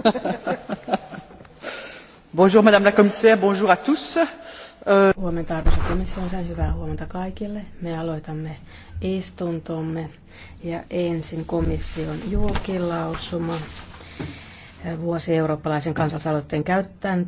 bonjour madame la commissaire, bonjour à tous. Euh, huomenta arvoisa komission jäsen hyvää huomenta kaikille. Me aloitamme istuntomme ja ensin komission julkilausuma vuosi eurooppalaisen kansalaisaloitteen käyttäen